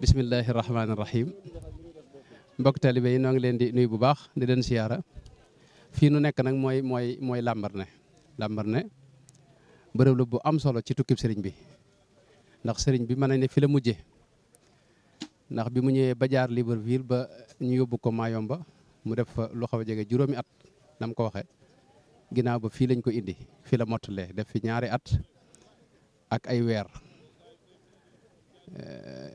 bismillahi rahmaani rahim mbokk taalibe yi noo ngi leen di nuyu bu baax di leen siyaara fii nu nekk nag mooy mooy mooy Lambaréné Lambaréné bërëb la bu am solo ci tukkib sëriñ bi ndax sëriñ bi mën nañ ne fi la mujje ndax bi mu ñëwee bajaar jaar Libreville ba ñu yóbbu ko Mayomba mu def fa lu xaw a jege juróomi at na mu ko waxe ginnaaw ba fii lañ ko indi fi la mottalee def fi ñaari at ak ay weer Eh,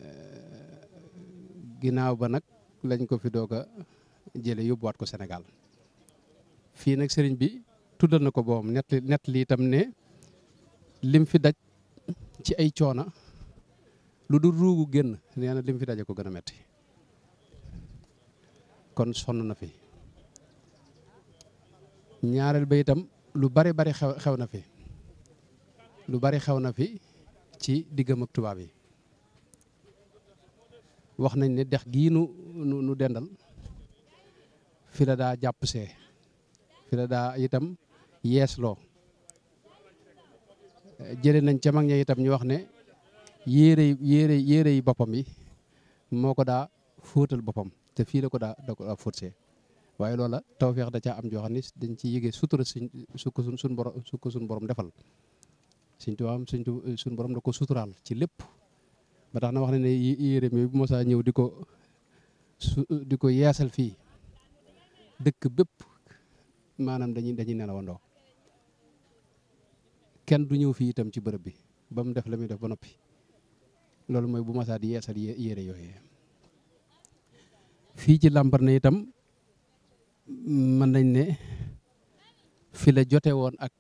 ginnaaw ba nag lañ ko fi doog a jële yóbbuwaat ko Sénégal fii nag sëriñ bi tuddal na ko boom nett nett li ne lim fi daj ci ay coona lu dul ruugu génn nee na lim fi daje ko gën a metti kon sonn na fi ñaareel ba itam lu bari bari xew xew na fi lu bari xew na fi ci diggam tubaab yi wax nañ ne dex gii nu nu dendal fi la daa jàpp se fi la daa itam yeesloo jële nañ ca mag ña itam ñu wax ne yére yére yére yi boppam yi moo ko daa fóotal boppam te fii la ko daa da ko daa fóot see waaye loola tawfeex da caa am joo xam ne dañ ci yëgee sutura suñ sukk suñ borom sukk suñ borom defal suñ tuwaam suñ suñ borom da ko suturaal ci lépp ba tax na wax na ne yére mi bu mosaa ñëw di ko su di ko yeesal fii dëkk bépp maanaam dañuy dañuy nelawandoo kenn du ñëw fii itam ci bërëb bi ba mu def la muy def ba noppi loolu mooy bu mosaa di yeesal yére yooyee fii ci làmbar na itam mën nañ ne fi la jote woon ak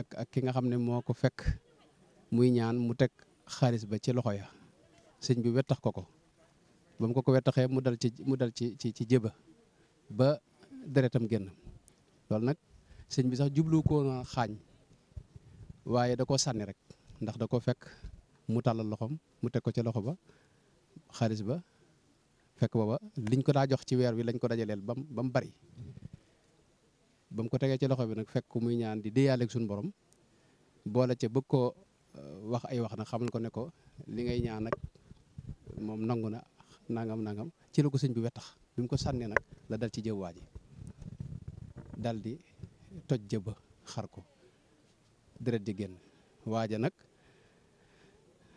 ak ak ki nga xam ne moo ko fekk muy ñaan mu teg xaalis ba ci loxo ya sëñ bi wettax ko ko ba mu ko ko wettaxee mu dal ci mu dal ci ci ci jëba ba deretam génn loolu nag sëñ bi sax jublu koo na xaañ waaye da koo sànni rek ndax da ko fekk mu tàllal loxoom mu teg ko ci loxo ba xaalis ba fekk ba liñ ko daa jox ci weer wi lañ ko dajaleel bam ba mu bari ba mu ko tegee ci loxo bi nag fekk muy ñaan di déyaaleeg suñu borom boole ca bëgg koo wax ay wax na xamal ko ne ko li ngay ñaan nag moom nangu na nangam nangam ci la ko sëñ bi wettax bi mu ko sànnee nag la dal ci jëb waa dal di toj jëba xar ko deret di génn waaja nag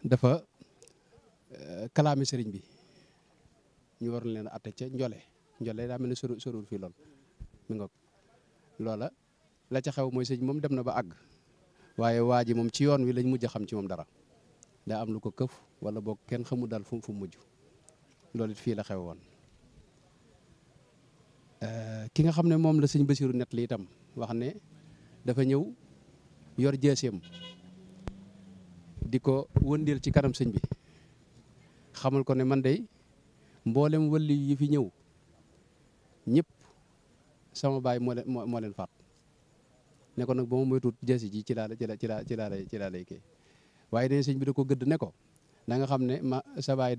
dafa eh, kalaami sëriñ bi ñu waroon leen atte ca njole njole daa mel ne sor sorul fii lool mi ngoog loola la ca xew mooy sëñ moom dem na ba àgg waaye waa ji moom ci yoon wi lañ mujj xam ci moom dara daa am lu ko këf wala boog kenn xamu dal fu mu mujj loolu it fii la xew woon euh, ki nga xam ne moom la sëñ Basiru nett lii tam wax ne dafa ñëw yor jeeseem di ko wëndeel ci kanam sëñ bi xamul ko ne man dey mboolem wëlli yi fi ñëw ñëpp sama baay moo leen moo leen faat ne nag ba ma moytuut ji ci laa ci ci laa ci laa lay ci waaye dañ sëñ bi da ko ne ko na xam ne ma sa baay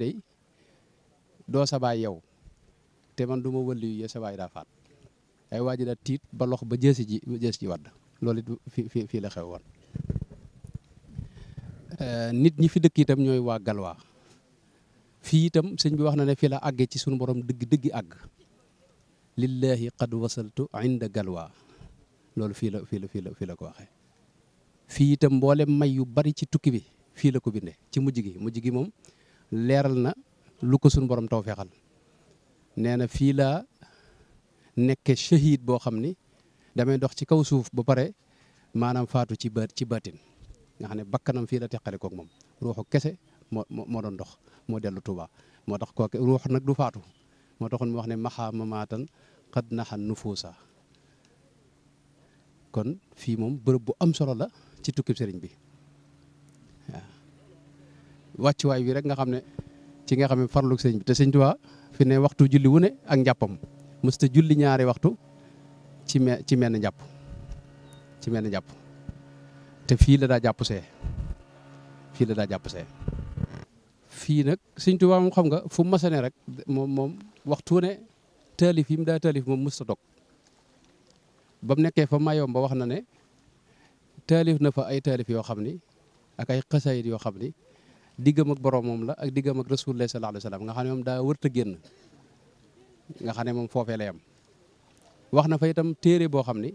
doo sa yow te man du ma wëlli sa baay daa faat ay ba lox ji jës ji wadd loolu fii la xew woon eh, nit ñi fi dëkk itam ñooy waa Galwaa fii itam sëñ bi wax na ne fii la àggee ci sunu boroom dëgg dëgg àgg lillahi qad wasaltu inda Galwaa loolu fii la fii la fii la fii la ko waxee fii itam mboole may yu bari ci tukki bi fii la ko bindee ci mujj gi mujj gi moom leeral na lu ko suñu borom taw feexal nee na fii laa nekke shahid boo xam ni damay dox ci kaw suuf ba pare maanaam faatu ci ba ci baatin nga xam ne bakkanam fii la teqale koog moom ruuxu kese moo moo doon dox moo dellu Tuuba moo tax kooke ruux nag du faatu moo taxoon mu wax ne maxaa mamaatan xad naxan nufuusa kon fii moom bërëb bu am solo la ci tukkib sëriñ bi waaw wàccuwaay bi rek nga xam ne ci nga xam ne farlu sëriñ bi te sëriñ Tuubaa fi ne waxtu julli wu ne ak njàppam mësta julli ñaari waxtu ci me ci menn njàpp ci menn njàpp te fii la daa jàpp see fii la daa jàpp see fii nag sëriñ waa moom xam nga fu masanee rek moom moom waxtu ne taalif yi mu daa taalif moom mësta dog ba mu nekkee fa Mayomba wax na ne taalif na fa ay taalif yoo xam ni ak ay xasaayit yoo xam ni diggam ak boromam la ak diggam ak rasulullah sallallahu alayhi wasallam nga xam ne moom daa wërta génn nga xam ne moom foofee la yam wax na fa itam téere boo xam ni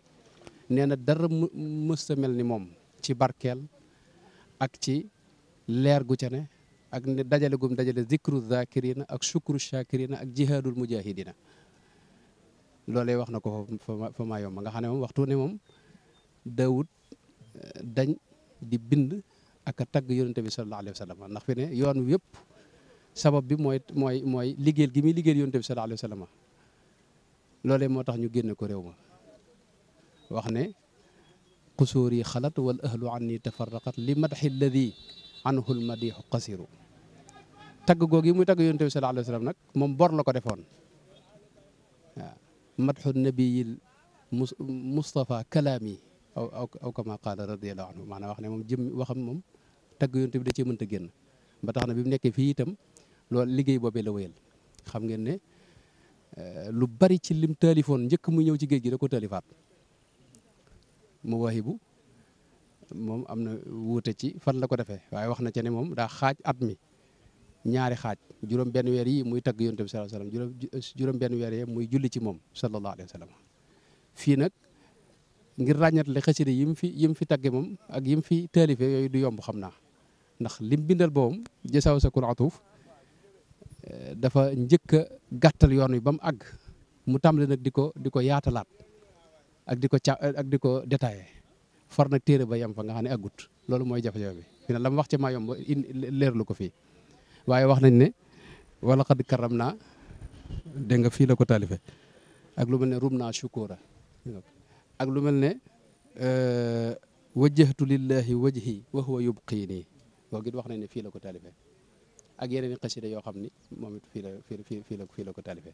nee na dara mësta mel ni moom ci barkeel ak ci leer gu ca ne ak dajale gum dajale zikru zakirina ak shukru shakirina ak jihaadul mujahidina loole wax na ko fa maa yomb nga xam ne moom waxtu ne moom daawut eh, dañ di bind ak a tagg yonente bi sallallahu alayhi wa ndax fi ne yoon wi yëpp sabab bi mooy mooy mooy liggéeyal gi muy liggéey yonente bi sallallahu alayhi wa moo tax ñu génne ko réew ma wax ne qusuur yi xalat wal ahlu an ni tafarraqat li madxi alladi anhu lmadixu qasiru tagg googu yi muy tagg yonente bi sallallahu alayhi nag moom bor la ko defoon madxu nabiyil Moustapha kalaam yi aw aw aw kama qaala radiyallahu anhu maanaam wax ne moom jëm waxam moom tagg yonte bi da cee mënta génn ba tax na bi mu nekkee fii itam loolu liggéey boobee la wéyal xam ngeen ne eh, lu bari ci lim taalifoon njëkk mu ñëw ci géej gi da ko taalifaat mu wahibu moom am na wuute ci fan la ko defee waaye wax na ca ne moom daa xaaj at mi ñaari xaaj juróom benn weer yi muy tagg yonent bi sallallahu alayhi wasallam juróom eh, benn weer yi muy julli ci moom sallallahu alayhi fii nag ngir ràññatle xasida yi mu fi yi mu fi tagge moom ak yi mu fi taalifee yooyu du yomb xam naa ndax lim bindal boobam jësaw sa kun eh, dafa njëkk a gàttal yoon wi ba mu àgg mu tàmbali nag di ko di ko yaatalaat ak di ko ca ak di ko détaillé far nag téere ba yem fa nga xam ne àggut loolu mooy jafe-jafe bi fi ne la mu wax ci maa yomb leerlu ko fii waaye wax nañ ne wala xad karam naa dégg nga fii la ko taalifee ak lu mel ne rum naa ak lu mel ne euh, wajjahtu lillahi wajhi wa huwa yubqini kooku it wax nañ ne fii la ko taalifee ak yeneen i xasida yoo xam ni moom it fii la fii la fii la ko taalifee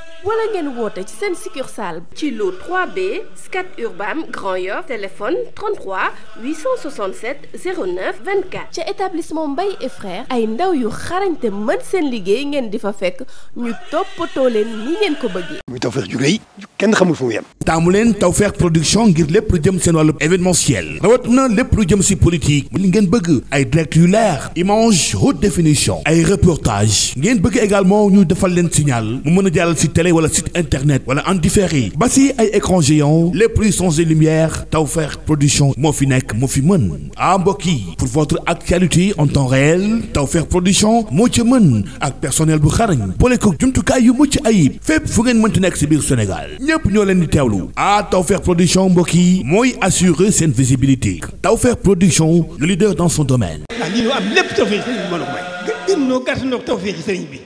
wala ngeen woote ci seen succursale ci lu 3B Scat Urbam Grand Yoff téléphone 33 ca établissement Mbaye et ay ndaw yu xarañte mën seen liggéey ngeen di fa fekk ñu toppatoo leen ni ngeen ko bëggee muy Tawfekh ju rëy kenn xamul fu mu yem taamu leen Tawfekh production ngir lépp lu jëm seen wàllu événementiel rawat na lépp lu jëm si politique mu li ngeen bëgg ay direct yu leer image haute définition ay reportage ngeen bëgg également ñu defal leen signal mu mën a télé wala site internet wala en différé ba si ay écran géant les prix sont et lumière Tawfekh production moo fi nekk moo fi mën ah mbokk yi pour votre actualité en temps réel Tawfekh production moo ci mën ak personnel bu xarañ boole ko jumtukaay yu mucc ayib fépp fu ngeen mënti nekk si biir Sénégal ñépp ñoo leen di teewlu ah Tawfekh production mbokk yi mooy assurer seen visibilité Tawfekh production le leader dans son domaine. Ah, am